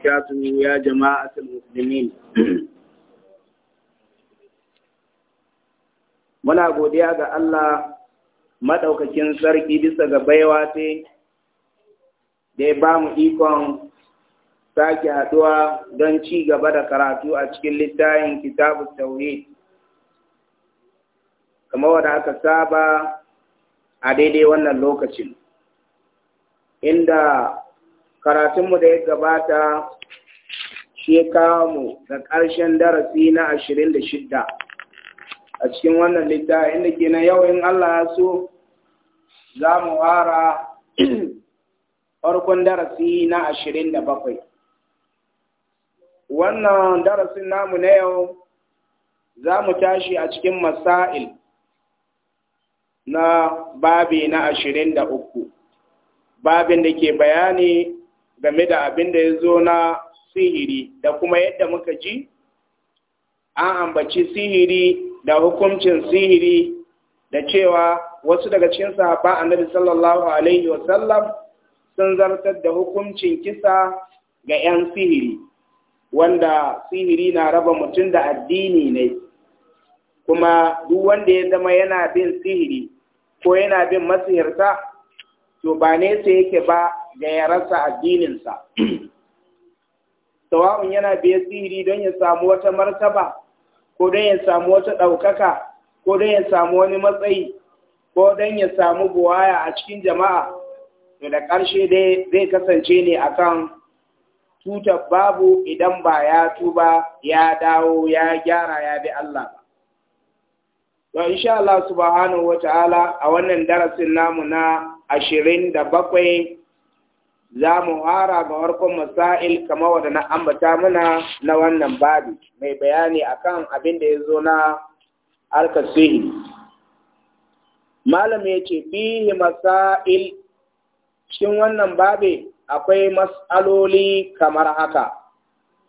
وبركاته يا جماعة المسلمين muna godiya ga Allah madaukakin sarki bisa ga baiwa ce da ya ba mu ikon sake haduwa don ci gaba da karatu a cikin littafin kitabu tauhid kamar wadda aka saba a daidai wannan lokacin inda karatunmu da ya gabata shi ya kawo mu ga ƙarshen darasi na ashirin da shidda a cikin wannan littafi inda ke na yau in Allah ya so za mu fara farkon darasi na ashirin da bakwai wannan darasin namu na yau za mu tashi a cikin masail na babi na ashirin da uku babin da ke bayani game da abin da ya zo na sihiri da kuma yadda muka ji an ambaci sihiri da hukuncin sihiri da cewa wasu daga cikin sahaba annabi sallallahu alaihi wasallam sun zartar da hukuncin kisa ga 'yan sihiri wanda sihiri na raba mutum da addini ne kuma duk wanda ya zama yana bin sihiri ko yana bin masihirta to ba ne nesa yake ba ga ya rasa addininsa sawa'un yana biya sihiri don ya samu wata martaba ko don ya samu wata ɗaukaka ko don ya samu wani matsayi ko don ya samu buwaya a cikin jama'a to da ƙarshe dai zai kasance ne akan tuta babu idan ba ya tuba ya dawo ya gyara ya bi Allah ba. To, insha Allah subhanahu wa ta'ala a wannan darasin namu na ashirin da bakwai za mu hara ga harkon masail kama waɗanda an ambata muna na wannan babi mai bayani akan abin da ya zo na harkar malam ya ce fihi masail cikin wannan babi akwai mas'aloli kamar haka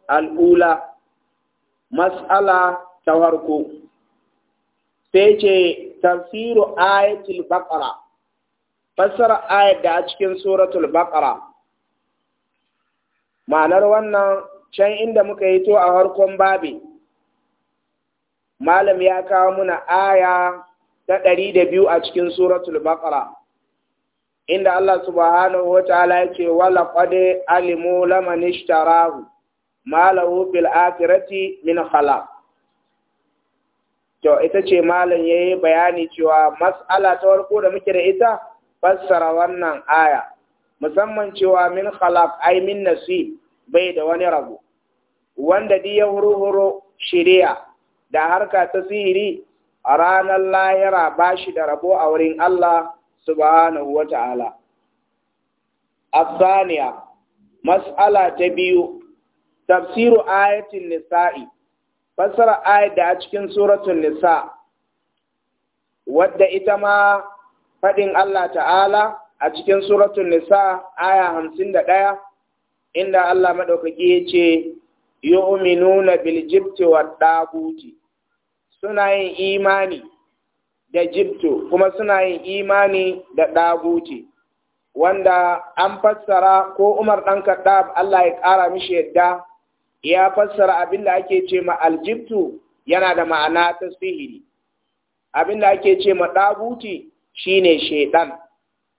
al'ula mas'ala ta harko sai ce tafsiru ayatul baqara fassara ayat da a cikin suratul baqara ma'anar wannan can inda muka yi to a harkon babi malam ya kawo muna aya ta ɗari da biyu a cikin suratul baqara inda Allah subhanahu wa ta'ala ya ce wala qad alimu laman ishtarahu ma lahu fil akhirati min khalaq to ita ce malam yayi bayani cewa mas'ala ta farko da muke da ita fassara wannan aya musamman cewa min khalaq ai min nasib bai da wani rabu. wanda di ya huru shiriya da harka ta sihiri a ranar lahira ba shi da rabo a wurin Allah subhanahu wa ta'ala. Afsaniya, mas'ala ta biyu, tafsiru ayatin nisa'i, fassara ayat da a cikin suratun nisa, wadda ita ma faɗin Allah ta'ala a cikin suratun nisa aya hamsin da ɗaya inda Allah maɗaukaki ya ce yu'minuna bil jibti wa ɗaguti suna yin imani da jibto kuma suna yin imani da ɗaguti wanda an fassara ko Umar ɗan kaɗa Allah ya ƙara mishi yadda ya fassara abin da ake ce ma aljibtu yana da ma'ana ta sihiri abin da ake ce ma ɗaguti Shi shine shaidan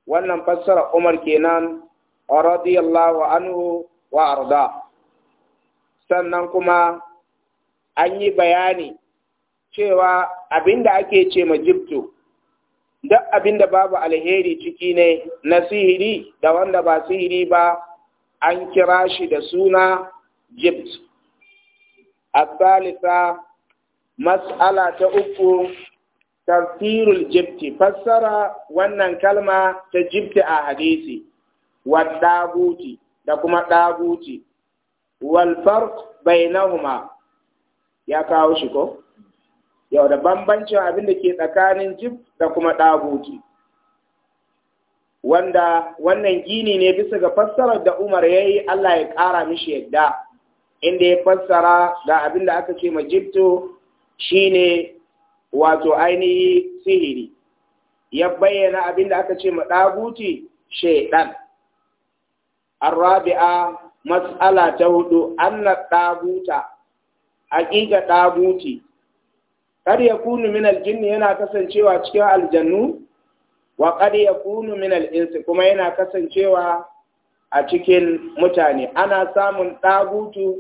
wannan fassara Umar kenan radiyallahu anhu wa arda sannan kuma an yi bayani cewa abinda ake ce ma jibto duk abinda babu alheri ciki ne na sihiri da wanda ba sihiri ba an kira shi da suna A jibt. masala ta uku. tafsirul jibti fassara wannan kalma ta jibti a hadisi wa daguti da kuma daguti wal bainahuma ya kawo shi ko yau da bambancin abin da ke tsakanin jib da kuma daguti wanda wannan gini ne bisa ga fassarar da Umar yayi Allah ya ƙara mishi yadda inda ya fassara ga abin da aka ce ma jibto shine wato ainihi sihiri ya bayyana abin da aka ce ma ɗaguti shaidan arrabi'a mas'ala ta hudu anna ɗaguta haƙiƙa ɗaguti kar ya kunu min aljinni yana kasancewa cikin aljannu wa kar ya kunu min al'insi kuma yana kasancewa a cikin mutane ana samun ɗab'utu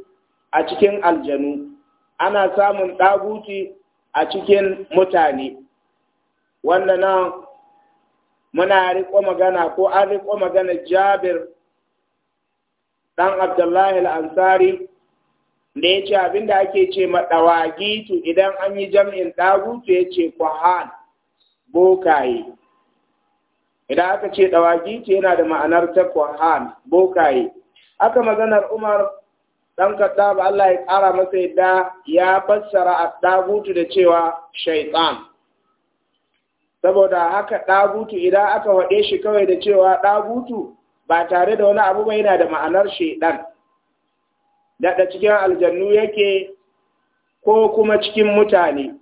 a cikin aljanu ana samun ɗab'uti. a cikin mutane wanda na muna riƙo magana ko an riko magana jabir ɗan abdullahi al'ansari da ya ce abinda ake ce maɗawagitu idan an yi jam'in ɗagutu ya ce kwahan bokaye idan aka ce ɗawagitu yana da ma'anar ta kwahan bokaye aka maganar umar dan kadda ba Allah ya kara masa yadda ya fassara a ɗagutu da cewa shaitan saboda haka ɗab'utu idan aka waɗe shi kawai da cewa ɗab'utu, ba tare da wani abu ba yana da ma'anar shaitan daɗa cikin aljannu yake ko kuma cikin mutane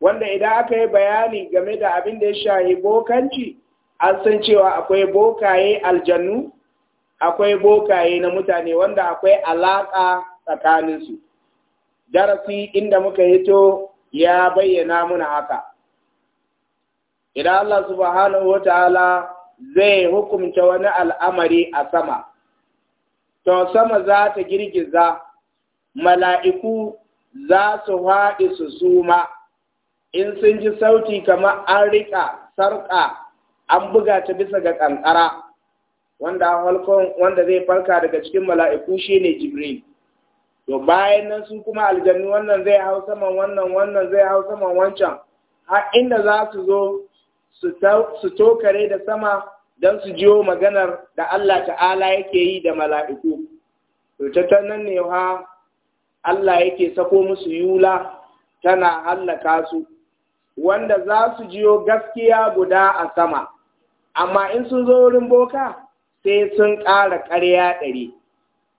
wanda idan aka yi bayani game da abin da ya shahi bokanci an san cewa akwai bokaye aljannu akwai bokaye na mutane wanda akwai alaƙa tsakaninsu. Darasi inda muka hito ya bayyana muna haka. Idan Allah subhanahu wa ta'ala zai hukumta wani al'amari a sama, to sama za ta girgiza, mala'iku za su haɗi su suma, in sun ji sauti kamar an riƙa sarƙa an buga ta bisa ga ƙanƙara. wanda halkon wanda zai farka daga cikin mala'iku shine jibril to bayan nan su kuma aljannu wannan zai hau saman wannan wannan zai hau saman wancan har inda za su zo su tokare da sama don su jiyo maganar da Allah ta'ala yake yi da mala'iku to ta nan ne Allah yake sako musu yula tana hallaka su wanda za su jiyo gaskiya guda a sama amma in sun zo wurin boka sai sun ƙara ƙarya ɗari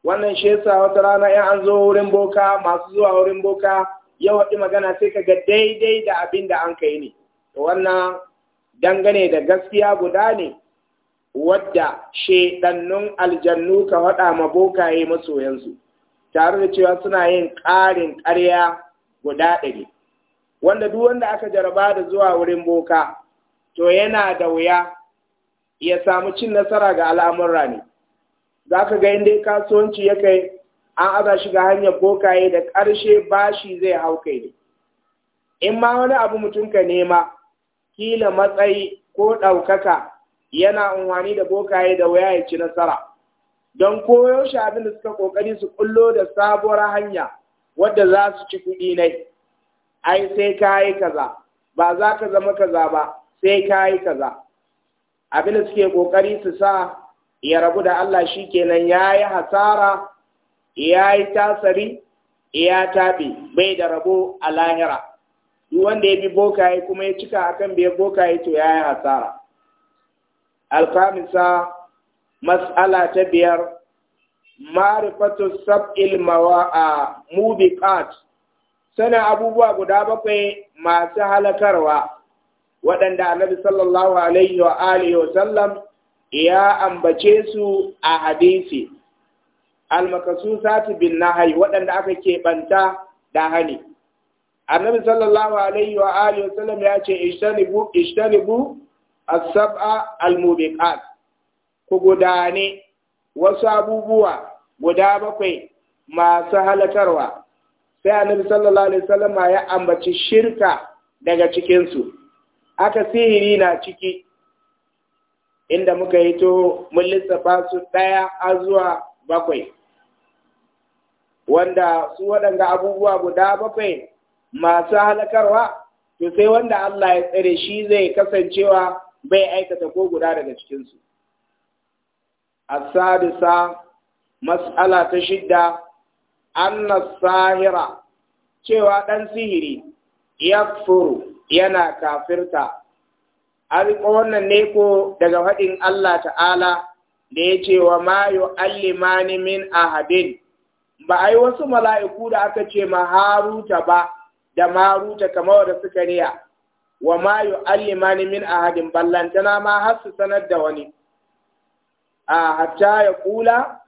wannan shi yasa wata rana in an zo wurin boka masu zuwa wurin boka yau waɗi magana sai ka ga daidai da abin da an kai ne to wannan dangane da gaskiya guda ne wadda shaidannun aljannu ka faɗa ma bokaye masoyansu tare da cewa suna yin ƙarin ƙarya guda ɗari wanda duk wanda aka jaraba da zuwa wurin boka to yana da wuya ya samu cin nasara ga al'amurra ne za ka ga inda kasuwanci ya kai an aza shi ga hanyar bokaye da ƙarshe bashi zai hau kai ne in ma wani abu mutum ka nema kila matsayi ko ɗaukaka yana unwani da bokaye da waya ya ci nasara don koyaushe abin da suka ƙoƙari su ƙullo da sabuwar hanya wadda za su ci kuɗi nai ai sai ka yi kaza ba za ka zama kaza ba sai ka yi kaza abin da suke ƙoƙari su sa ya rabu da Allah shi kenan ya yi hasara ya yi tasari ya taɓe bai da rabo a lahira duk wanda ya bi bokaye kuma ya cika akan bai bokaye to ya yi hasara alkamisa mas'ala ta biyar marifatu sab'il mawa'a mubiqat sana abubuwa guda bakwai masu halakarwa waɗanda annabi sallallahu alaihi wa alihi wa sallam ya ambace su a hadisi almakasusatu bin nahyi waɗanda aka keɓanta da hani annabi sallallahu alaihi wa alihi wa sallam ya ce ishtanibu ishtanibu as-sab'a al-mubiqat ku gudane wasu abubuwa guda bakwai masu halakarwa sai annabi sallallahu alaihi wa sallam ya ambaci shirka daga cikinsu aka sihiri na ciki inda muka yi to mun lissafa su ɗaya a zuwa bakwai wanda su waɗanda abubuwa guda bakwai masu halakarwa to sai wanda Allah ya tsare shi zai kasancewa bai aikata ko guda daga cikinsu. A Asadisa mas'ala ta shidda anna sahira cewa ɗan sihiri ya furu yana kafirta ko wannan ne ko daga faɗin Allah ta'ala da ya ce wa ma allimani min ahadin ba ai wasu mala'iku da aka ce ma haruta ba da maruta kamar da suka riya wa ma allimani min ahadin ballantana ma har su sanar da wani a hatta ya kula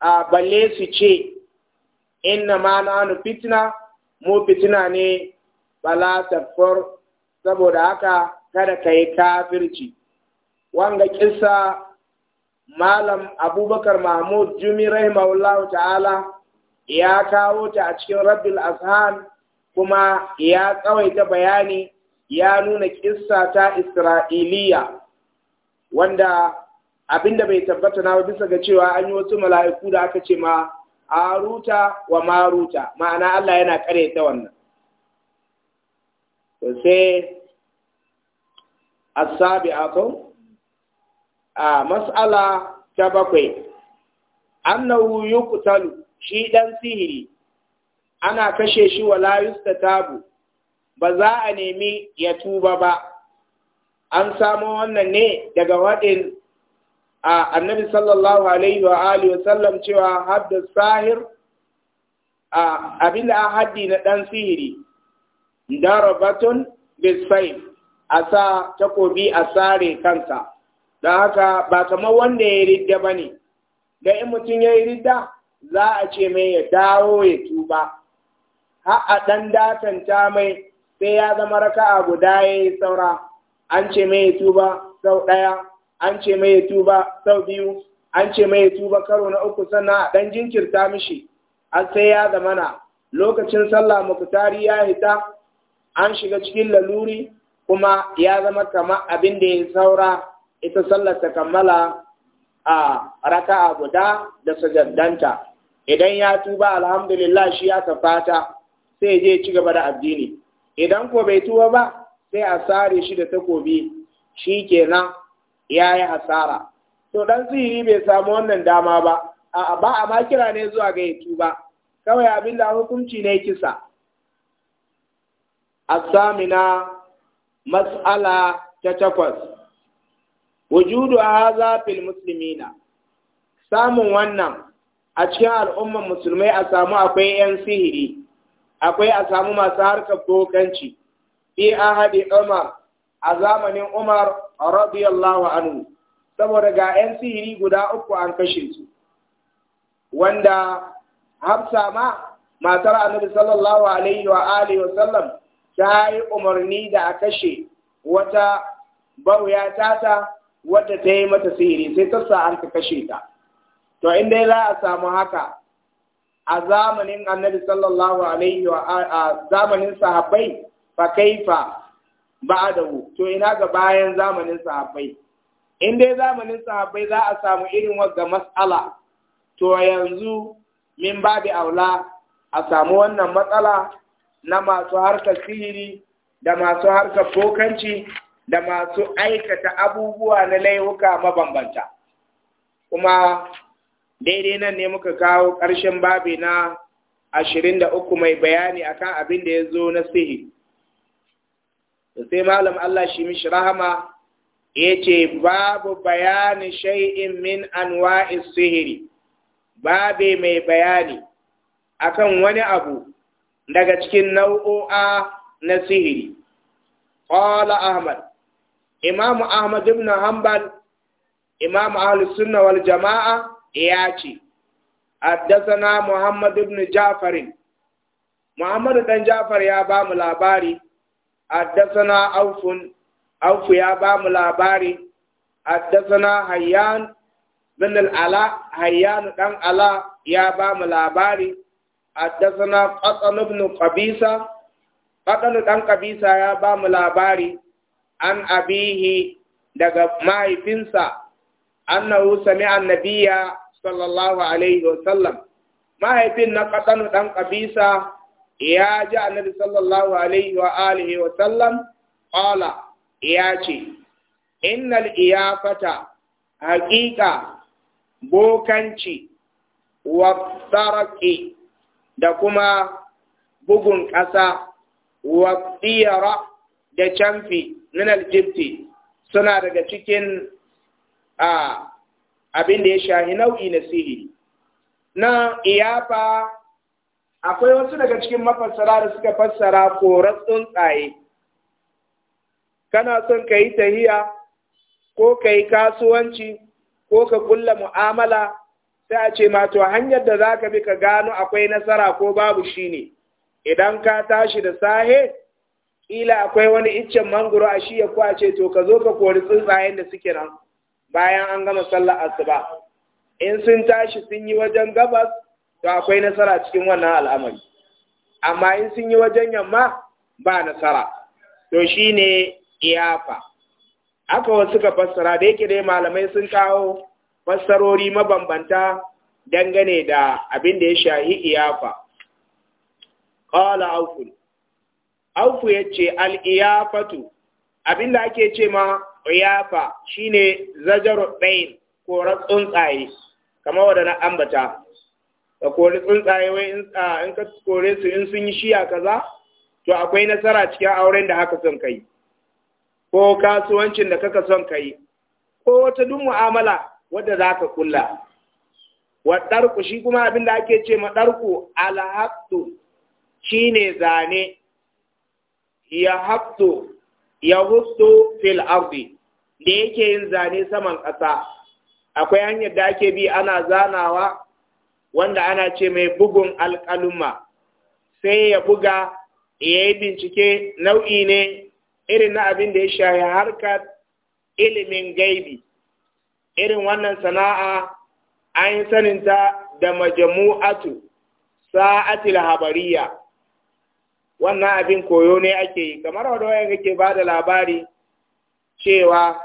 a balle su ce inna ma na fitna mu fitna ne bala takfur saboda haka kada ka yi kafirci wanga kissa malam abubakar mahmud jumi rahimahullahu ta'ala ya kawo ta a cikin rabbil azhan kuma ya tsawaita bayani ya nuna kissa ta isra'iliya wanda abinda bai tabbata na bisa ga cewa an yi wasu mala'iku da aka ce ma aruta wa maruta ma'ana Allah yana kare ta wannan to sai asabi ato a mas'ala ta bakwai annahu yuqtalu shi dan sihiri ana kashe shi wala yustatabu ba za a nemi ya tuba ba an samo wannan ne daga waɗin a annabi sallallahu alaihi wa alihi wasallam cewa hadda sahir a abin da haddi na dan sihiri darabatun bisai a sa takobi a sare kansa Da haka ba kamar wanda ya ridda ba ne da in mutum ya yi ridda za a ce mai ya dawo ya tuba har a ɗan datanta mai sai ya zama raka a guda ya yi saura an ce mai ya tuba sau ɗaya an ce mai ya tuba sau biyu an ce mai ya tuba karo na uku sannan ɗan jinkirta mishi an sai ya zama na. lokacin sallah mukutari ya hita an shiga cikin laluri kuma ya zama kama abin da ya saura ita sallar ta kammala a raka a guda da sajaddanta idan ya tuba alhamdulillah shi ya fata sai je ci gaba da addini idan ko bai tuba ba sai a sare shi da takobi shi kenan ya yi hasara to ɗan sihiri bai samu wannan dama ba a ba a ma ne zuwa ga ya tuba kawai abin da hukunci ne kisa asamina mas'ala ta takwas wujudu haza fil muslimina samun wannan a cikin al'ummar musulmai a samu akwai 'yan sihiri akwai a samu masu harkar dokanci fi ahadi umar a zamanin umar radiyallahu anhu saboda ga 'yan sihiri guda uku an kashe su wanda hafsa ma matar annabi sallallahu alaihi wa alihi wa sallam ta yi umarni da a kashe wata bauya tata wadda ta yi mata sihiri sai ta sa an ka kashe ta to in dai za a samu haka a zamanin annabi sallallahu alaihi a zamanin sahabbai fa kaifa ba'dahu to ina ga bayan zamanin sahabbai in dai zamanin sahabbai za a samu irin wagga matsala, to yanzu min babi aula a samu wannan matsala na masu harkar sihiri da masu harkar fokanci da masu aikata abubuwa na laihuka mabambanta kuma daidai nan ne muka kawo ƙarshen babi na ashirin da uku mai bayani akan abin da ya zo na sihiri sai malam Allah shi mishi rahama ya ce babu bayani shai'in min anwa'is sihiri babe mai bayani akan wani abu daga cikin nau'o'a na sihiri. Kwala Ahmad, Imam Ahmad ibn Hanbal, Imam Ahlussunna wal jama'a ya ce, Addasana Muhammad ibn Jafarin, Muhammad ɗan Jafar ya ba mu labari, addasana aufun, aufu ya ba mu labari, addasana hayyan bin al'ala, hayyan ɗan ala ya ba mu labari, حدثنا قتل بن قبيسة قتل بن قبيسة يا بام لاباري عن أبيه دقى ماي يفنسى أنه سمع النبي صلى الله عليه وسلم ما هي يفن قطن دان قبيسة يا جاء النبي صلى الله عليه وآله وسلم قال يا شي إن الإيافة حقيقة بوكنشي والترقي da kuma bugun ƙasa wa tsira da camfi min aljibti suna daga cikin abin da ya shahi nau'i na sihiri na iyafa akwai wasu daga cikin mafassara da suka fassara korar tsuntsaye kana son ka yi tahiya ko ka yi kasuwanci ko ka kulla mu'amala sai a ce ma to hanyar da za ka bi ka gano akwai nasara ko babu shi ne idan ka tashi da sahe ƙila akwai wani iccen mangoro a shi ya a ce to ka zo ka kori tsuntsayen da suke nan bayan an gama sallar asuba in sun tashi sun yi wajen gabas to akwai nasara cikin wannan al'amari amma in sun yi wajen yamma ba nasara to shi shine iyafa aka wasu ka fassara da yake dai malamai sun kawo fassarori mabambanta dangane da abin da ya shahi iyafa. Ƙala aufun, aufu ya ce al'iyafatu, abin da ake ce ma iyafa shi ne zajar korar tsuntsaye, kamar da na ambata, da kori tsuntsaye wai in ka kore su in sun yi shiya kaza, to akwai nasara cikin auren da haka son kai, ko kasuwancin da kaka son kai, ko wata duk mu'amala wadda za ka kulla Waɗarku. shi kuma abin da ake ce maɗarku? ɗarku alhaftu shi ne zane ya haftu ya hustu fil ardi da yake yin zane saman ƙasa akwai hanyar da ake bi ana zanawa wanda ana ce mai bugun alƙaluma sai ya buga ya yi bincike nau'i ne irin na abin da ya shaye harkar ilimin gaibi irin wannan sana'a an yi saninta da majamu'atu sa'atil habariya wannan abin koyo ne ake yi kamar wadda yake ba da labari cewa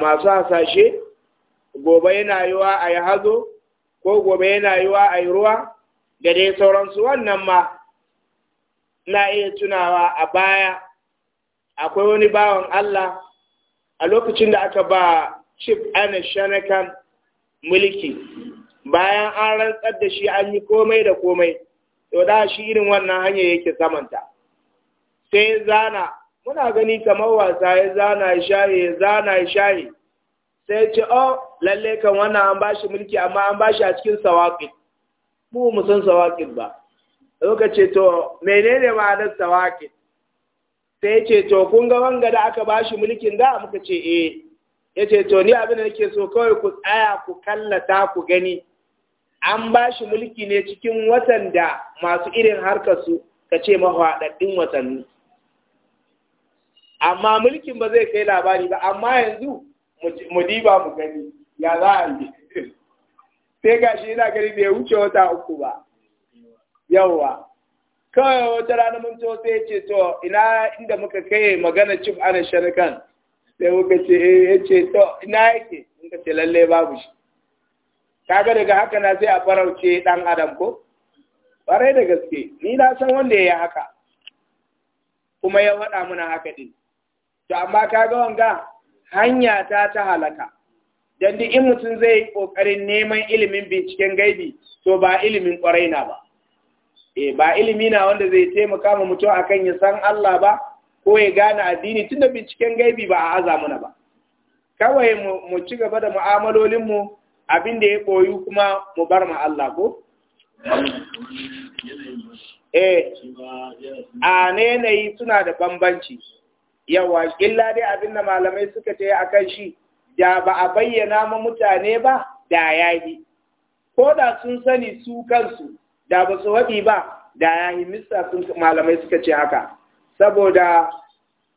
masu hasashe gobe yana yiwa a yi hazo ko gobe yana yiwa a yi ruwa da dai sauransu wannan ma na iya tunawa a baya akwai wani bawan Allah a lokacin da aka ba Chip ana shanakan mulki bayan an rantsar da shi an yi komai da komai to da shi irin wannan hanya yake samanta sai zana muna gani kamar wasa ya zana ya shaye ya zana ya shaye sai ce o oh, lalle kan wannan an ba shi mulki amma an ba shi a cikin sawaƙi mu mu san sawaƙi ba lokaci to menene ma'anar sawaƙi sai ce to kun ga wanga da aka ba shi mulkin da muka ce eh ya ce to ni abin da nake so kawai ku tsaya ku kallata ku gani an ba shi mulki ne cikin watan da masu irin harkarsu ka ce mahaɗaɗɗin watanni amma mulkin ba zai kai labari ba amma yanzu mu diba mu gani ya za a yi sai ga shi yana gani bai wuce wata uku ba yawwa kawai wata rana mun to sai ce to ina inda muka kai magana cif ana sharikan sai muka ce eh, ya ce to ina yake ka ce lalle babu shi kaga daga haka na sai a farauce dan adam ko bare da gaske ni na san wanda ya yi haka kuma ya waɗa mana haka din to amma kaga wanga hanya ta ta halaka dan in mutum zai kokarin neman ilimin binciken gaibi to ba ilimin kwarai na ba eh ba ilimi na wanda zai taimaka ma mutum akan ya san Allah ba ko ya gane addini tun da binciken gaibi ba a azamuna ba kawai mu ci gaba da mu'amalolinmu abin da ya koyu kuma mu bar ma Allah ko eh a ne yanayi suna da bambanci yawa illa dai abin da malamai suka ce a kan shi da ba a bayyana ma mutane ba da ya yi. ko da sun sani su kansu da ba su haɗi ba da ya yi. mista malamai suka ce haka saboda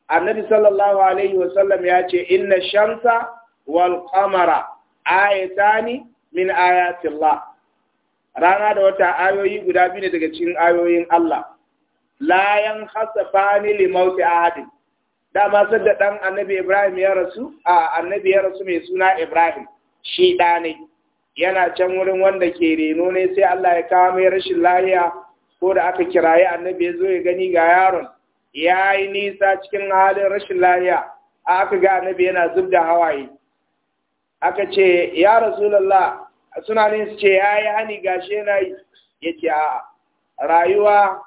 annabi sallallahu alaihi wasallam ya ce inna shamsa wal qamara ayatani min ayatillah rana da wata ayoyi guda biyu ne daga cikin ayoyin Allah la yan khasafani li mauti ahadin dama sai da dan annabi Ibrahim ya rasu a annabi ya rasu mai suna Ibrahim shi da ne yana can wurin wanda ke reno ne sai Allah ya kawo mai rashin lahiya ko da aka kiraye annabi ya zo ya gani ga yaron ya yi nisa cikin halin rashin lafiya aka ga annabi yana zub da hawaye aka ce ya rasulallah suna ne su ce ya yi hani gashi yana yi ya ce a rayuwa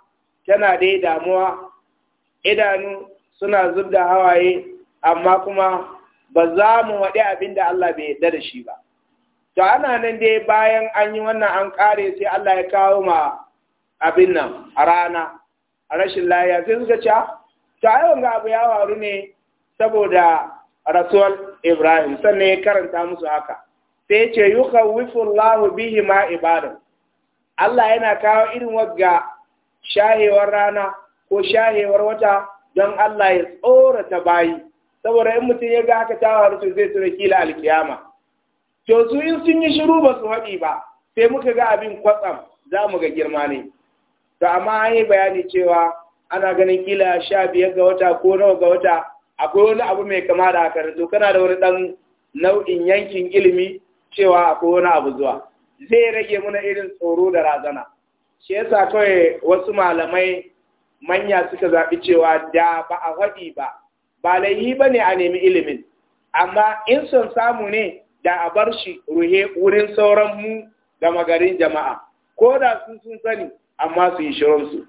tana dai damuwa idanu suna zub da hawaye amma kuma ba za mu waɗi abin da Allah bai yadda da shi ba to ana nan dai bayan an yi wannan an kare sai Allah ya kawo ma abin nan a rana A rashin laya sai suka ce ta ga abu ya faru ne saboda rasuwar Ibrahim sannan ya karanta musu haka sai ce yukhawifu Allahu bihi ma ibadan Allah yana kawo irin wagga shahewar rana ko shahewar wata don Allah ya tsorata bayi saboda in mutum ya ga haka ta faru to zai tura kila alkiyama to su in sun yi shiru ba su haɗi ba sai muka ga abin kwatsam za mu ga girma ne to amma an yi bayani cewa ana ganin kila sha biyar ga wata ko nawa ga wata akwai wani abu mai kama da haka to kana da wani ɗan nau'in yankin ilimi cewa akwai wani abu zuwa zai rage muna irin tsoro da razana shi yasa kawai wasu malamai manya suka zaɓi cewa da ba a haɗi ba ba laihi ba ne a nemi ilimin amma in son samu ne da a bar shi ruhe wurin sauran mu da magarin jama'a ko da sun sun sani amma su yi shirinsu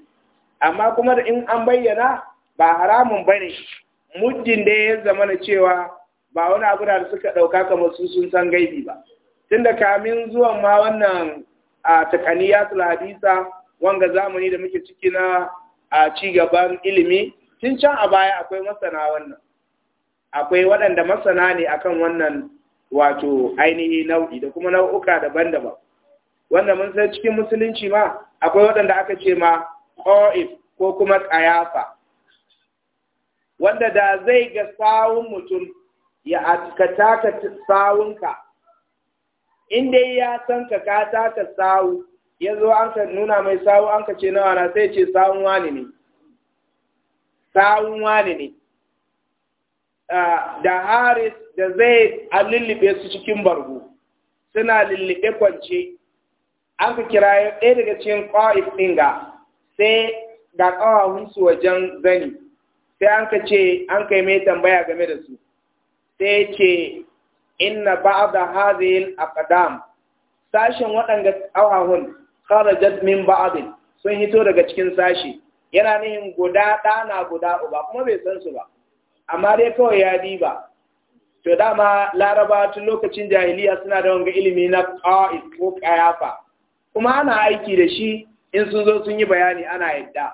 amma kuma da in an bayyana ba haramun bane muddin da ya zama na cewa ba wani abu da suka ɗauka kamar su sun san gaibi ba tunda kamin zuwan ma wannan a takaniyatul hadisa wanga zamani da muke ciki na a ci gaban ilimi tun can a baya akwai masana wannan akwai waɗanda masana ne akan wannan wato ainihi nau'i da kuma nau'uka daban-daban wanda mun san cikin musulunci ma akwai waɗanda aka ce ma qa'if ko kuma qayafa wanda da zai ga sawun mutum ya atkata ka sawunka in dai ya san ka ka ka sawu ya an ka nuna mai sawu an ka ce nawa na sai ce sawun wani ne sawun wani ne da haris da zai a lullube su cikin bargo suna lullube kwance an ka kira ɗaya daga cikin ƙwa'if ɗin ga sai ga ƙawawunsu wajen zani sai an ka ce an ka yi mai tambaya game da su sai ce inna ba'da hadhihi a ƙadam sashen waɗanda ƙawahun kharajat min ba'din sun hito daga cikin sashi yana nihin guda ɗana guda uba kuma bai san su ba amma dai kawai ya diba to dama laraba tun lokacin jahiliya suna da wanga ilimi na qa'id ko ƙayafa kuma ana aiki da shi in sun zo sun yi bayani ana yadda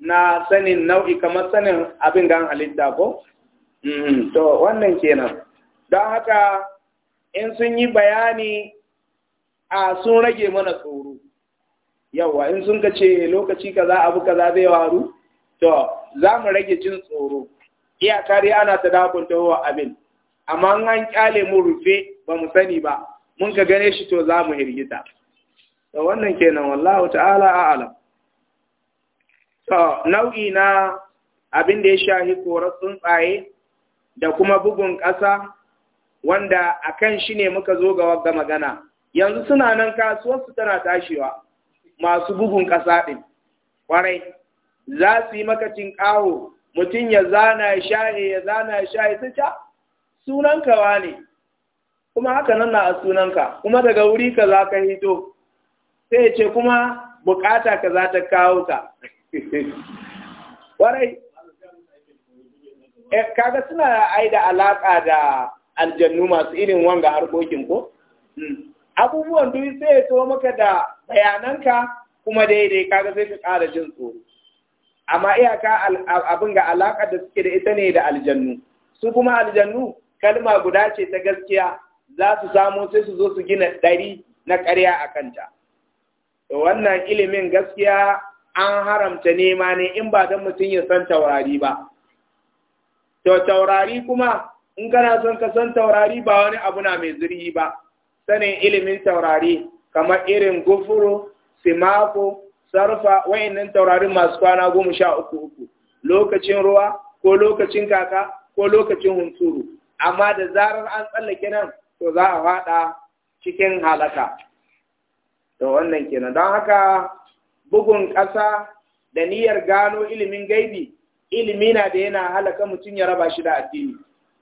na sanin nau'i kamar sanin abin gan halitta ko? Mm-hmm. to wannan kenan don haka in sun yi bayani a sun rage mana tsoro yawa in sun ka ce lokaci kaza abu kaza zai waru to za mu rage cin tsoro iyaka ana ta dakunta wa abin amma an kyale mu rufe ba mu sani ba mun ka gane shi to za mu hirgita da wannan kenan wallahu ta'ala a'lam to nau'i na abin da ya shahi korar tsuntsaye da kuma bugun ƙasa wanda akan shi ne muka zo ga wadda magana yanzu suna nan kasuwarsu tana tashiwa masu bugun ƙasa ɗin Kwarai. za su yi makacin ƙaho mutum ya zana ya shaye ya zana ya shaye ta ca sunanka wa ne kuma haka nan na a sunanka kuma daga wuri ka za ka hito sai ce kuma bukata ka za ta kawo ta warai eh, kaga suna ai da alaƙa da aljannu masu irin wanga harkokin ko abubuwan duk sai ya to maka da bayananka kuma daidai kaga sai ka ƙara jin tsoro amma iyaka abin ga alaƙa da suke da ita ne da aljannu su kuma aljannu kalma guda ce ta gaskiya za su samu sai su zo su gina ɗari na ƙarya a kanta wannan ilimin gaskiya an haramta nema ne in ba don mutum ya san taurari ba to taurari kuma in kana son ka san taurari ba wani abu na mai zurfi ba sanin ilimin taurari kamar irin gufuru simako sarfa wayannan taurarin masu kwana goma sha uku uku lokacin ruwa ko lokacin kaka ko lokacin hunturu amma da zarar an tsallake nan to za a faɗa cikin halaka to wannan kenan don haka bugun ƙasa da niyyar gano ilimin gaibi ilimi na da yana halaka mutum ya raba shi da addini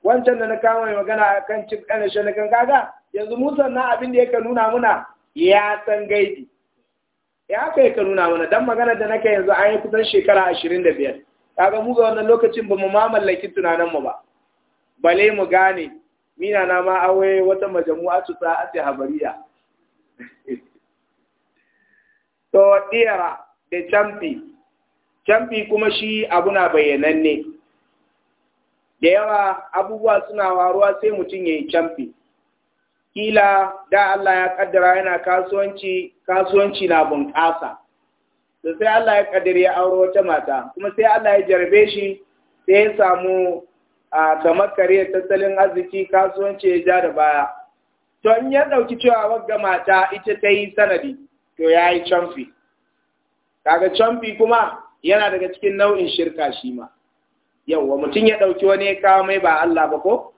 wancan da na kama mai magana kan cin ɗan shi kan kaga yanzu musan na abin da yake nuna muna ya san gaibi ya ka yake nuna muna dan magana da nake yanzu an yi kusan shekara ashirin da biyar kaga mu ga wannan lokacin ba mu ma mallaki tunanin mu ba bale mu gane mina na ma aure wata majamu'a tusa a habariya to ɗiyara da camfi camfi kuma shi abuna bayyananne da yawa abubuwa suna waruwa sai mutum ya yi camfi kila da Allah ya kaddara yana kasuwanci kasuwanci na bunƙasa to sai Allah ya kaddara ya auro wata mata kuma sai Allah ya jarbe shi sai ya samu a kamar kariyar tattalin arziki kasuwanci ya ja da baya to in ya ɗauki cewa wagga mata ita ta yi sanadi to ya yi camfi kaga camfi kuma yana daga cikin nau'in shirka shi ma yawwa mutum ya ɗauki wani ya kawo mai ba Allah ba ko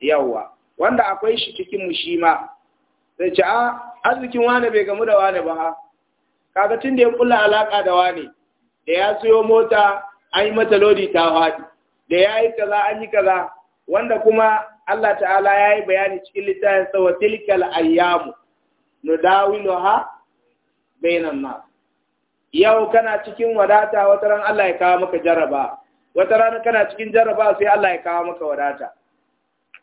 yawwa wanda akwai shi cikin mu shi ma sai ce a arzikin wane bai gamu da wane ba kaga tun da ya kula alaka da wane da ya siyo mota an yi mata lodi ta haɗi da ya yi kaza an yi kaza wanda kuma Allah ta'ala ya yi bayani cikin littafin sa wa tilkal ayyamu nudawiluha bainan na yau kana cikin wadata wata ran Allah ya kawo maka jaraba wata ran kana cikin jaraba sai Allah ya kawo maka wadata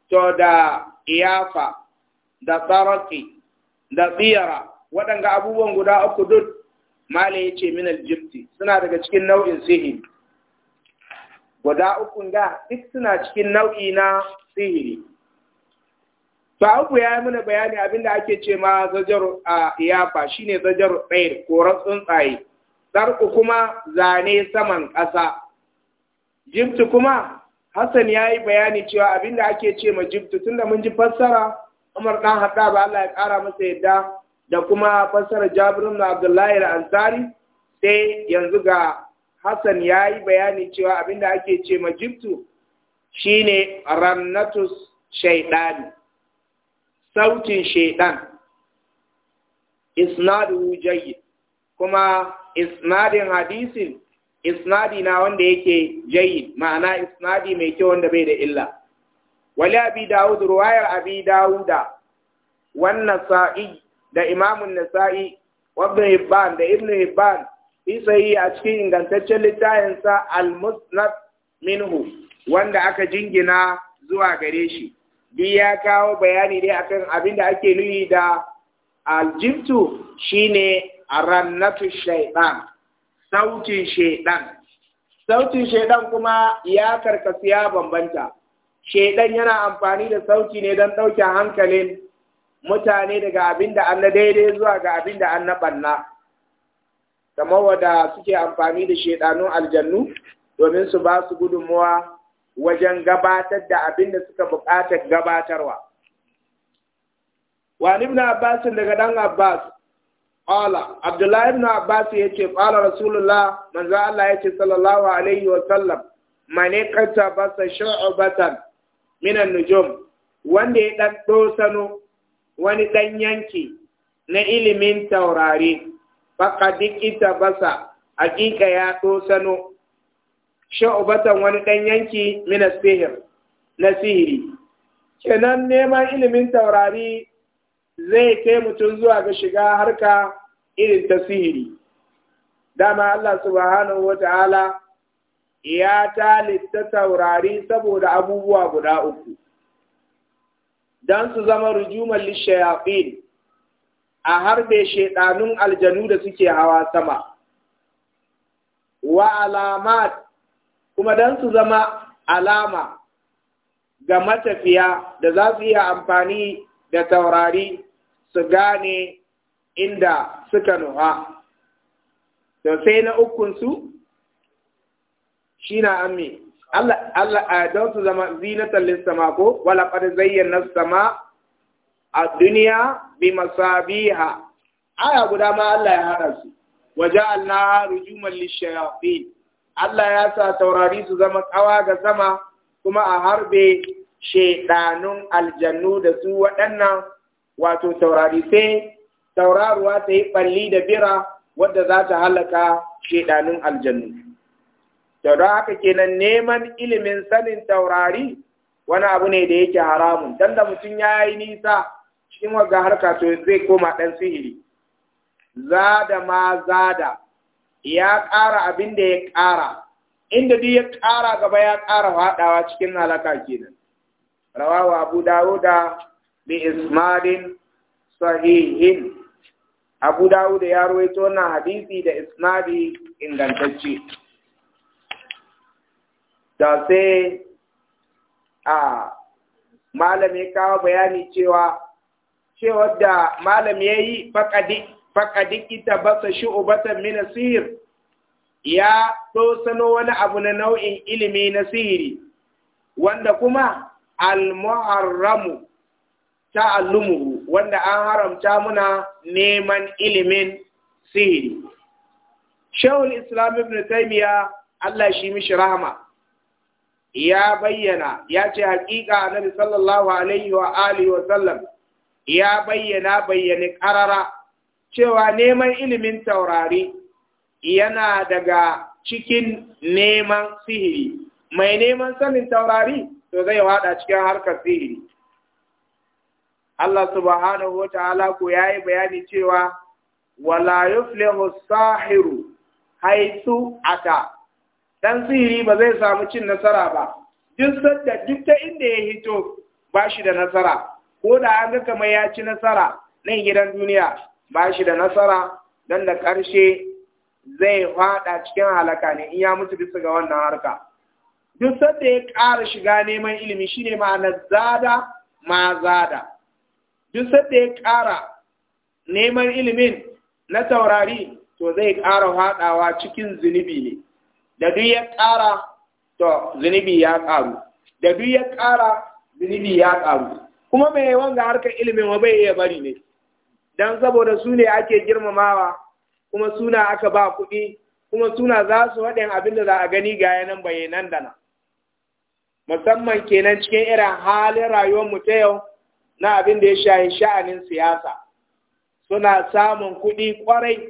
to da iyafa da tsaraki da tsira waɗanga abubuwan guda uku duk mali ya ce min aljibti suna daga cikin nau'in sihiri guda uku ga duk suna cikin nau'i na sihiri Sa'ubu ya yi mana bayani abinda ake ce ma zajar a iyafa shi shine zajar tsayir koran tsuntsaye, tsarku kuma zane saman ƙasa. Jibtu kuma Hassan ya yi bayani cewa abin ake ce ma tun da mun ji fassara Umar ɗan haɗa ba Allah ya ƙara masa yadda da kuma fassara jabirin na Abdullahi da Ansari sai yanzu ga Hassan ya yi bayani cewa abin ake ce ma jibtu shine rannatus shaiɗani. sautin shaidan isnadu jayyid kuma isnadin hadisin isnadi na wanda yake jayyid ma'ana isnadi mai kyau wanda bai da illa wali abi dawud ruwayar abi dawuda wannan sa'i da imamun nasa'i wabda hibban da ibnu hibban fi sahihi a cikin ingantaccen littafinsa al-musnad minhu wanda aka jingina zuwa gare shi duk ya kawo bayani dai akan abin da ake nuni da aljibtu shine rannatu shaidan sautin shaiɗan. sautin shaidan kuma ya karkasu ya bambanta shaiɗan yana amfani da sauti ne don ɗauke hankalin mutane daga abin da an na daidai zuwa ga abin da an na ɓanna kamar wadda suke amfani da shaiɗanun aljannu domin su ba su gudunmuwa wajen gabatar da abin da suka buƙatar gabatarwa. Wani ibn Abbas daga ɗan Abbas, ƙala, Abdullahi ibn Abbas ya ce, ƙala Rasulullah, manzo Allah ya ce, sallallahu Alaihi wasallam, mane kanta basa sha'ubatan minan nujum, wanda ya ɗan sano wani ɗan yanki na ilimin taurari, faƙa dikita basa, hakika ya sano sha'ubatan wani ɗan yanki mina sihir na sihiri kenan neman ilimin taurari zai kai mutum zuwa ga shiga harka irin ta sihiri dama Allah subhanahu wa ta'ala ya talitta taurari saboda abubuwa guda uku don su zama rujumar lishayafin a harbe shaidanun aljanu da suke hawa sama wa alamat kuma don su zama alama ga matafiya da za su iya amfani da taurari su gane inda suka nuha. To sai na ukunsu shi na ammi, Allah eh, don su zama zinatar lissama ko wala zayyana sama a duniya bi masabiha. Aya guda ma Allah ya haɗa su, waje Allah rujuman lishayafi. Allah ya sa taurari su zama ƙawa ga sama kuma a harbe shaidanun aljannu da su waɗannan wato taurari sai tauraruwa ta yi ɓalli da bira wadda za ta halaka shaidanun aljannu. Taura haka kenan neman ilimin sanin taurari wani abu ne da yake haramun, don da mutum ya yi nisa cikin wagga harka to zai koma ɗan sihiri. Zada ma zada. ya ƙara abin da ya ƙara inda duk ya ƙara gaba ya ƙara faɗawa cikin halaka kenan Rawawa abu dawuda bi isnadin sahihin abu Dawuda ya rawaito na hadisi da isnadi ingantacce da sai a malam ya kawo bayani cewa cewar da malam ya yi faƙaɗi faƙaɗi ita basa shu'ubatan min asir ya sano wani abu na nau'in ilimi na sihiri wanda kuma al ta ta'allumuhu wanda an haramta muna neman ilimin sihiri shawul islam ibn taymiya Allah shi mishi rahama ya bayyana ya ce hakika annabi sallallahu alaihi wa alihi wa sallam ya bayyana bayyane karara cewa neman ilimin taurari yana daga cikin neman sihiri mai neman sanin taurari to zai wada cikin harkar sihiri Allah subhanahu wa ta'ala ko yayi bayani cewa wala yuflihu sahiru haitu ata dan sihiri ba zai samu cin nasara ba duk sadda duk ta inda ya hito ba shi da nasara ko da an ga kamar ya ci nasara nan gidan duniya ba shi da nasara don da ƙarshe zai faɗa cikin halaka ne in ya mutu bisa ga wannan harka duk da ya ƙara shiga neman ilimi shine ma'anar zada ma zada duk da ya ƙara neman ilimin na taurari to zai ƙara faɗawa cikin zunubi ne da duk ya ƙara to zunubi ya ƙaru da duk ya ƙara zunubi ya ƙaru kuma mai wanga harkar ilimin wa bai iya bari ne dan saboda su ne ake girmamawa kuma suna aka ba kuɗi kuma suna za su haɗin abin da za a gani ga yanan bayanan da na musamman kenan cikin irin halin rayuwar mu ta yau na abin da ya shahi sha'anin siyasa suna samun kuɗi kwarai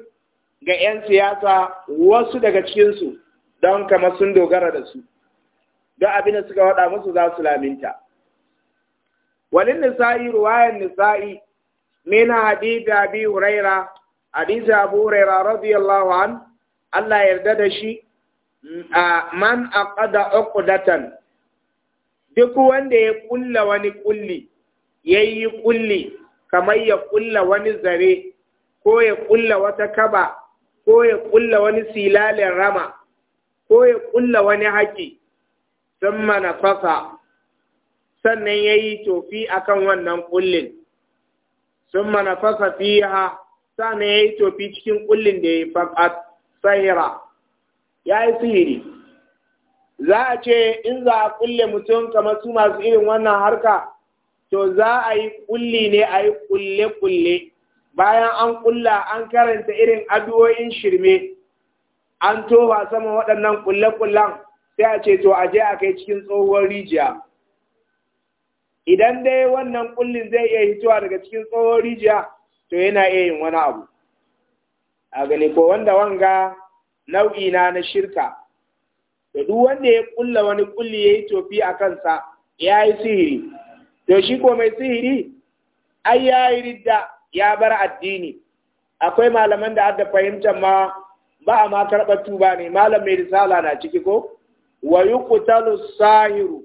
ga 'yan siyasa wasu daga cikinsu don kama sun dogara da su don abin da suka waɗa musu za su laminta walin nisa'i ruwayan nisa'i min hadith abi huraira hadith abu huraira radiyallahu an yarda da shi man aqada uqdatan duk wanda ya kulla wani kulli yayi ƙulli kamar ya kulla wani zare ko ya kulla wata kaba ko ya kulla wani silalin rama ko ya kulla wani haƙi sun manafasa sannan ya yi tofi akan wannan ƙullin. sun manafasa fiha na ya yi tofi cikin kullin da ya yi fakat ya yi sihiri za a ce in za a kulle mutum kamar su masu irin wannan harka to za a yi kulli ne a yi kulle-kulle bayan an kulla an karanta irin addu'o'in shirme an towa sama waɗannan kulle-kullen sai a ce to a je a kai cikin tsohuwar rijiya idan dai wannan kullin zai iya hitowa daga cikin tsohon rijiya to yana iya yin wani abu a gani ko wanda wanga nau'i na na shirka Da duk wanda ya kulla wani kulli ya yi tofi a kansa ya yi sihiri to shi ko mai sihiri ai ya yi ridda ya bar addini akwai malaman da adda fahimtar ma ba a ma karɓar tuba ne malam mai risala na ciki ko wa yuqtalu sahiru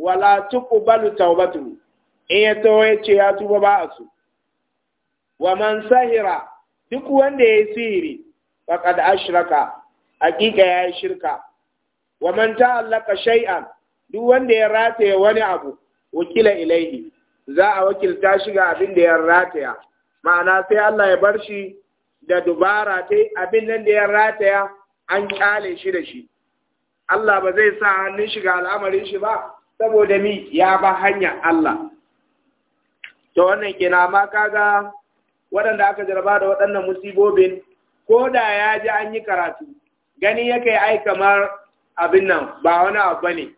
wala tuku balu in ya tawo ya ce ya tuba ba a su wa man sahira duk wanda ya yi sihiri faqad ashraka hakika ya yi shirka wa man ta'allaka shay'an duk wanda ya rataya wani abu wakila ilaihi za a wakilta shi ga abin da ya rataya ma'ana sai Allah ya bar shi da dubara ta abin nan da ya rataya an kyale shi da shi Allah ba zai sa hannun shi ga al'amarin shi ba saboda mi ya ba hanyar Allah to wannan kina ma kaga waɗanda aka jarba da waɗannan musibobin ko da ya ji an yi karatu gani yake ai kamar abin nan ba wani abu bane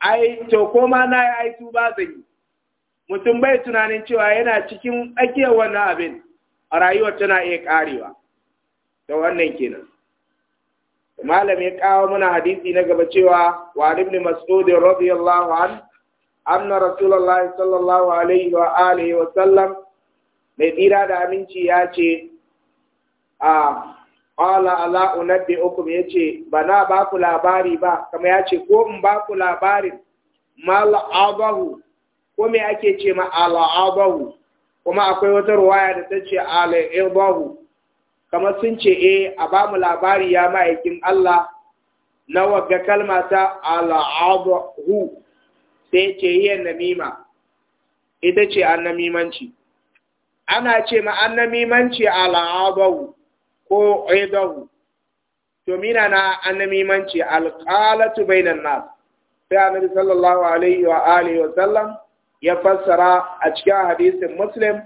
ai to koma na ya ai tuba zan yi mutum bai tunanin cewa yana cikin tsakiyar wannan abin a rayuwar tana iya karewa da wannan kenan malam ya kawo mana hadisi na gaba cewa wa ibn mas'ud radiyallahu an anna rasulullahi sallallahu alaihi wa alihi wa sallam mai tsira da aminci ya ce a ala ala uku, yace bana ba ku labari ba kama yace ko in ba ku labarin mal abahu ko me ake ce ma al abahu kuma akwai wata ruwaya da ta ce al ibahu kamar sun ce e a ba mu labari ya ma'aikin Allah na wagga kalma ta al'adahu sai ce yi namima ita ce annamimanci ana ce ma annamimanci al'adahu ko idahu to mina na annamimanci alqalatu bainan nas sai annabi sallallahu alaihi wa alihi wa sallam ya fassara a cikin hadisin muslim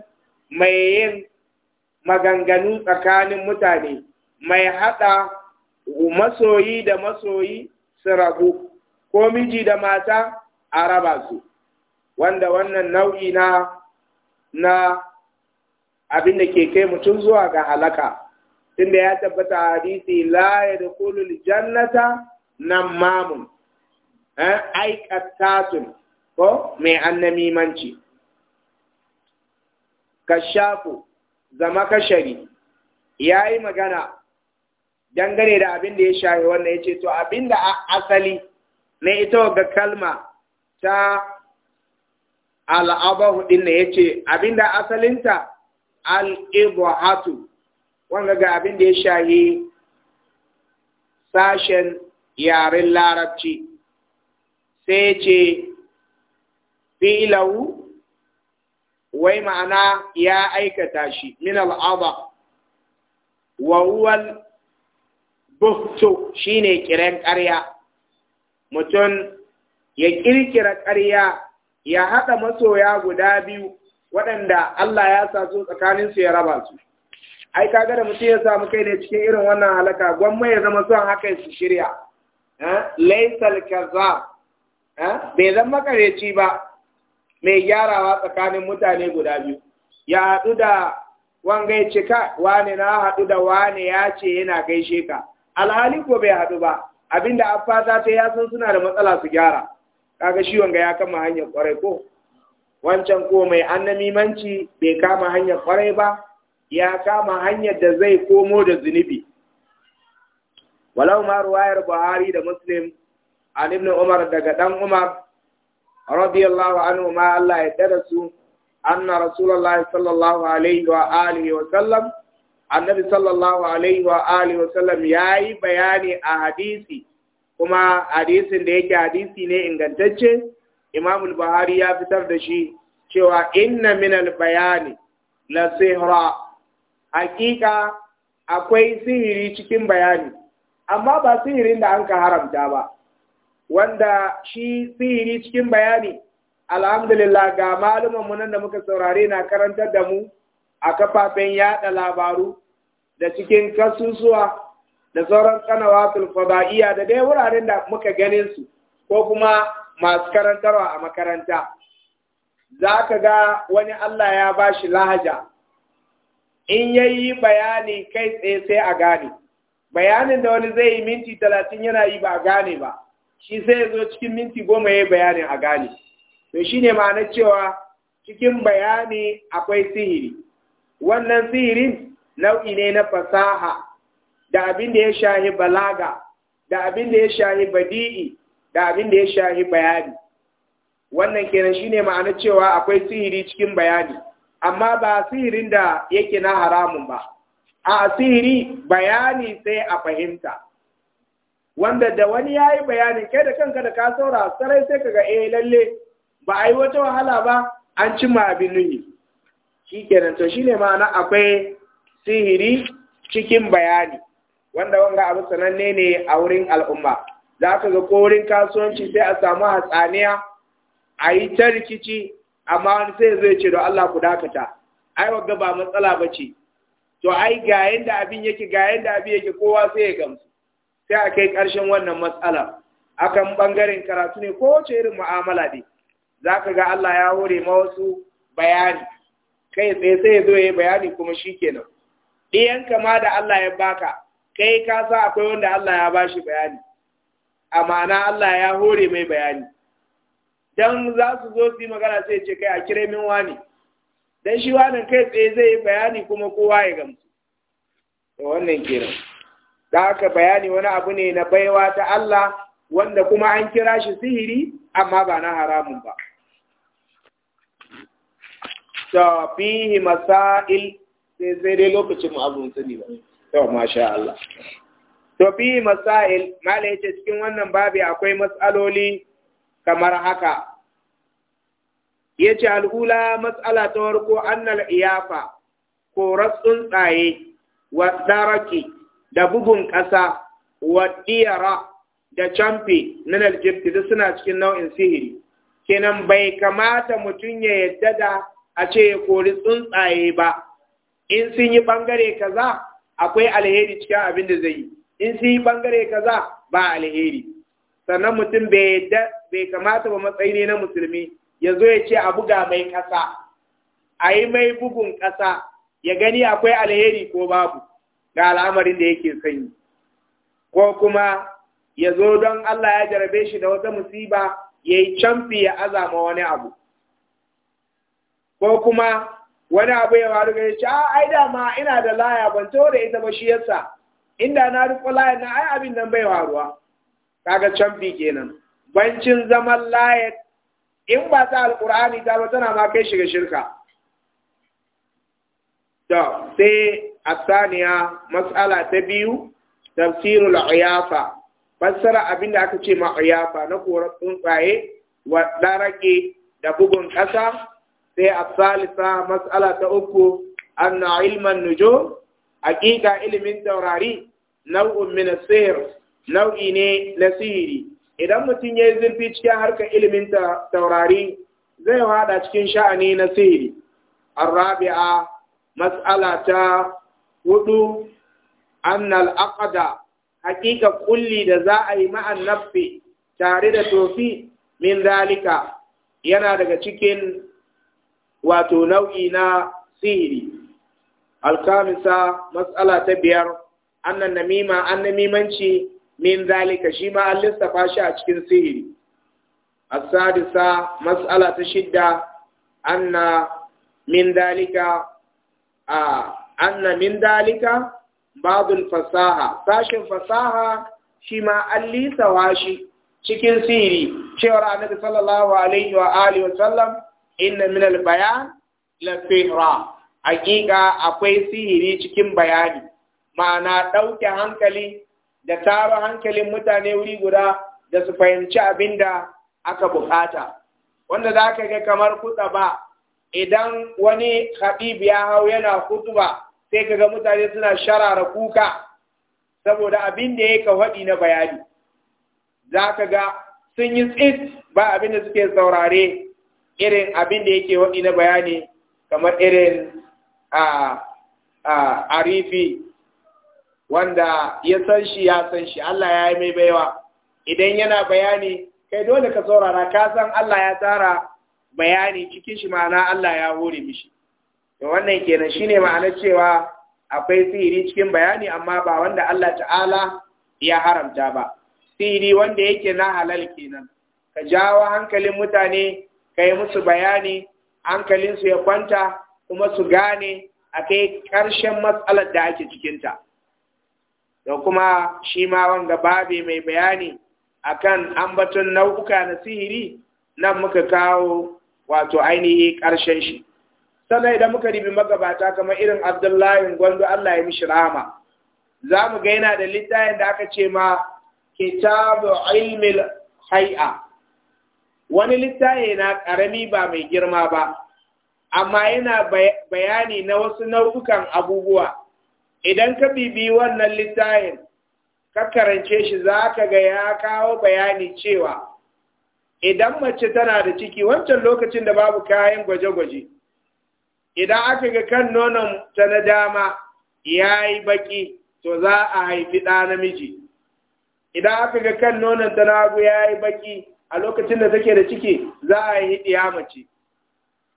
mai yin maganganu tsakanin mutane mai haɗa masoyi da masoyi su rabu ko miji da mata a raba su wanda wannan nau'i na na abin da ke kai mutum zuwa ga halaka tunda ya tabbata hadisi la kulul jannata nan mamun eh, aikatatun ko mai annamimanci shafu zamakashari ya yi magana dangane da abin da ya shahi wanda ya ce to abin da asali na ita ga kalma ta al'abahu din da ya ce abin da asalinta al'ibahatu wanda ga abin da ya shahi sashen yaren larabci sai ce ilawu wai ma'ana ya aikata shi min al'aba wa huwal shi shine kiran ƙarya mutum ya ƙirƙira ƙarya ya haɗa masoya guda biyu waɗanda Allah ya sa su tsakaninsu ya raba su ai kaga da mutum ya samu kai ne cikin irin wannan halaka gwamma ya zama son haka su shirya eh, laisal kaza eh, bai zan kareci ba mai gyarawa tsakanin mutane guda biyu ya haɗu da wanga ya cika wane na haɗu da wane ya ce yana gaishe ka alhali ko bai haɗu ba abinda an fata ta ya san suna da matsala su gyara kaga shi wanga ya kama hanyar kwarai ko wancan ko mai annamimanci bai kama hanyar kwarai ba ya kama hanyar da zai komo da zunubi walau ma ruwayar buhari da muslim an umar daga ɗan umar radiyallahu anhu ma Allah ya dada su anna rasulullah sallallahu alaihi wa alihi wa sallam annabi sallallahu alaihi wa wa sallam yayi bayani a hadisi kuma hadisin da yake hadisi ne ingantacce Imam al-Buhari ya fitar da shi cewa inna bayani la sihra hakika akwai sihiri cikin bayani amma ba sihirin da an ka haramta ba wanda shi sihiri cikin bayani alhamdulillah ga malumin mu nan da muka saurare na karantar da mu a kafafen yada labaru da cikin kasusuwa da sauran kanawa fada'iya da dai wuraren da muka ganin su ko kuma masu karantarwa a makaranta za ka ga wani Allah ya ba shi lahaja in ya yi bayani kai tsaye sai a gane bayanin da wani zai yi minti talatin yana yi ba a gane ba shi sai ya zo cikin minti goma ya yi bayanin a gane to shi ne ma'anar cewa cikin bayani akwai sihiri wannan sihiri nau'i ne na fasaha da abin da ya shahi balaga da abin da ya shahi badi'i da abin da ya shahi bayani wannan kenan shi ne ma'anar cewa akwai sihiri cikin bayani amma ba sihirin da yake na haramun ba a sihiri bayani sai a fahimta wanda da wani ya yi bayanin kai da kanka da ka saura sarai sai kaga eh lalle ba a yi wata wahala ba an ma abin nuni shi kenan to shine ma'ana akwai sihiri cikin bayani wanda wanga abu sananne ne a wurin al'umma za ka ga ko wurin kasuwanci sai a samu hatsaniya a yi ta rikici amma wani sai zai ce da Allah ku dakata ai wanga ba matsala ba ce to ai ga yanda abin yake ga yanda abin yake kowa sai ya gamsu sai a kai ƙarshen wannan matsala akan ɓangaren karatu ne ko wace irin mu'amala ne za ka ga Allah ya hore ma wasu bayani kai tsaye sai zo ya yi bayani kuma shi kenan ɗiyan kama da Allah ya baka kai ka sa akwai wanda Allah ya bashi bayani A ma'ana Allah ya hore mai bayani dan za su zo su yi magana sai ce kai a kire min wani dan shi wani kai tsaye zai yi bayani kuma kowa ya gamsu da aka bayani wani abu ne na baiwa ta Allah wanda kuma an kira shi sihiri amma ba na haramun ba ta fihi masail sai sai dai lokacin mu abun sani ba masha Allah to fihi masail mala yace cikin wannan babi akwai matsaloli kamar haka yace al'ula matsala ta warko annal iyafa ko korar tsaye wa daraki da bugun ƙasa wa ɗiyara da camfe na naljibti duk suna cikin nau'in sihiri kenan bai kamata mutum ya yadda da a ce ya kori tsuntsaye ba in sun yi bangare kaza akwai alheri cikin abin da zai yi in sun yi bangare kaza ba alheri sannan mutum bai yadda bai kamata ba matsayi ne na musulmi ya zo ya ce a buga mai ƙasa a yi mai bugun ƙasa ya gani akwai alheri ko babu ga al'amarin da yake sanyi ko kuma ya zo don Allah ya jarabe shi da wata musiba ya yi camfi ya azama wani abu ko kuma wani abu ya faru ga ce a ah, ai dama ina da laya ban to da ita ba shi yasa inda na rufe laya na ai abin nan bai faruwa kaga camfi kenan bancin zaman laya in ba ta alkur'ani ta ba tana ma kai shiga shirka da sai asaniya mas'ala ta biyu tafsirul uyafa fassara abinda aka ce ma uyafa na korar tsuntsaye wa darake da bugun ƙasa sai a salisa ta uku anna ilman nujo hakika ilimin taurari nau'un min sihir nau'i ne na sihiri idan mutum ya yi zurfi cikin harkar ilimin taurari zai haɗa cikin sha'ani na sihiri Rabi'a mas'ala ta hudu annal aqda hakika kulli da za a yi ma'an nafi tare da tofi min zalika yana daga cikin wato nau'i na sihiri alkamisa matsala ta biyar annan namima an namimanci min zalika shi ma an lissafa shi a cikin sihiri asadisa mas'ala ta shidda anna min zalika a anna min dalika babul fasaha Sashen fasaha shi ma an lisawa shi cikin siri cewa annabi sallallahu alaihi wa alihi wa sallam inna min al bayan la sihra hakika akwai sihiri cikin bayani ma'ana ɗauke hankali da taro hankalin mutane wuri guda da su fahimci abin da aka bukata wanda za ka ga kamar kuɗa ba idan wani habib ya hau yana kutuba sai kaga mutane suna sharara kuka saboda abin da ya faɗi na bayani za ka ga sun yi tsit ba abin da suke saurare irin abin da yake waɗi na bayani kamar irin a arifi wanda ya san shi ya san shi Allah ya yi mai baiwa idan yana bayani kai dole ka saurara ka san Allah ya tara bayani cikin shi ma'ana Allah ya hore mishi da wannan kenan shine ma'ana cewa akwai sihiri cikin bayani amma ba wanda Allah ta'ala ya haramta ba sihiri wanda yake na halal kenan ka jawo hankalin mutane ka yi musu bayani hankalinsu ya kwanta kuma su gane a kai ƙarshen matsalar da ake cikinta da kuma shi ma wanga babe mai bayani akan ambaton nau'uka na sihiri nan muka kawo wato ainihi ƙarshen shi sannan idan muka ribi magabata kamar irin abdullahi gwando Allah ya mishi rahama za mu ga yana da littafin da aka ce ma kitabu ilmil hai'a wani littafi na ƙarami ba mai girma ba amma yana bayani na wasu nau'ukan abubuwa idan ka bibi wannan littafin ka karance shi za ka ga ya kawo bayani cewa idan mace tana da ciki wancan lokacin da babu kayan gwaje-gwaje idan aka ga kan nonon ta na dama ya yi baki to za a haifi ɗa namiji idan aka ga kan nonon ta na hagu ya yi baki a lokacin da take da ciki za a yi ɗiya mace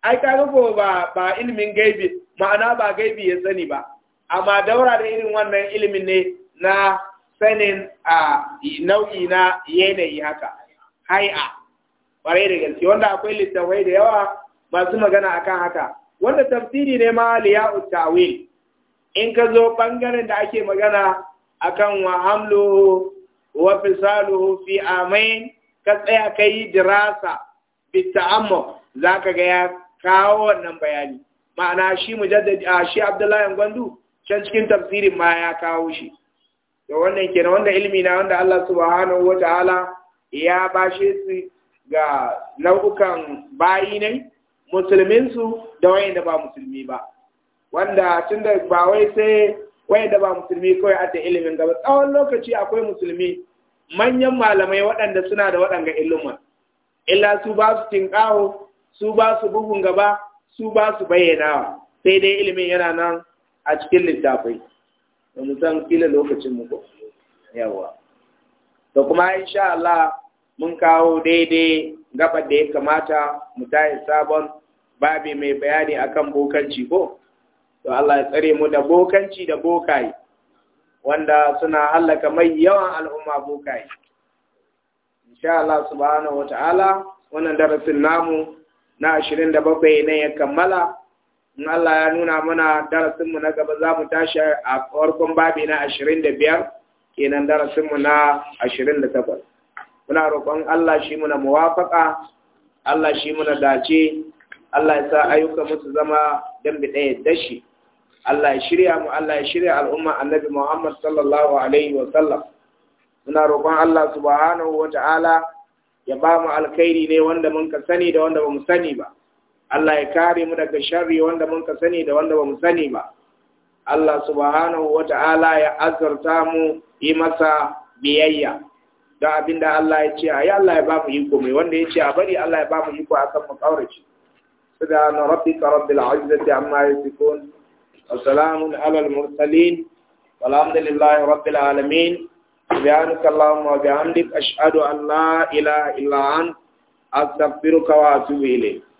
ai ka ko ba ba ilimin gaibi ma'ana ba gaibi ya sani ba amma daura da irin wannan ilimin ne na sanin a nau'i na yanayi haka hai'a ƙwarai da gaske wanda akwai littafai da yawa masu magana akan haka wanda tafsiri ne ma liya ta'wil in ka zo ɓangaren da ake magana akan wa hamluhu wa fisaluhu fi amain ka tsaya kai dirasa bi amma zaka ga ya kawo wannan bayani ma'ana shi mujaddad shi Abdullahi Gwandu can cikin tafsirin ma ya kawo shi da wannan kenan wanda ilmi na wanda Allah subhanahu wataala ya bashe su ga nau'ukan bayi ne musulminsu da da ba musulmi ba wanda tun da ba wai sai da ba musulmi kawai a ilimin gaba tsawon lokaci akwai musulmi manyan malamai waɗanda suna da waɗanga ilimin illa su ba su su ba su bugun gaba su ba su bayyanawa sai dai ilimin yana nan a cikin littafai da san kila lokacin ko yawa da kuma insha Allah mun kawo daidai gabar da ya kamata mu tayi sabon babi mai bayani akan bokanci ko to Allah ya tsare mu da bokanci da bokaye wanda suna hallaka mai yawan al'umma bokaye insha Allah subhanahu wataala wannan darasin namu na 27 ne ya kammala in Allah ya nuna mana darasinmu na gaba za mu tashi a farkon babi na 25 kenan darasinmu na 28 muna roƙon Allah shi muna muwafaka Allah shi muna dace Allah ya sa ayyuka musu zama dan bi ɗaya dashi Allah ya shirya mu Allah ya shirya al'umma annabi Muhammad sallallahu alaihi wa sallam muna roƙon Allah subhanahu wa ta'ala ya ba mu alkhairi ne wanda mun ka sani da wanda ba mu sani ba Allah ya kare mu daga sharri wanda mun ka sani da wanda ba mu sani ba Allah subhanahu wa ta'ala ya azurta mu yi masa biyayya don abin da Allah ya ce a yi Allah ya ba mu iko mai wanda ya ce a bari Allah ya ba mu iko akan mu kaurace sada na rabbika rabbil izzati amma yasifun wa salamun alal mursalin walhamdulillahi rabbil alamin subhanaka allahumma wa bihamdik ashhadu an la ilaha illa anta astaghfiruka wa atubu ilayk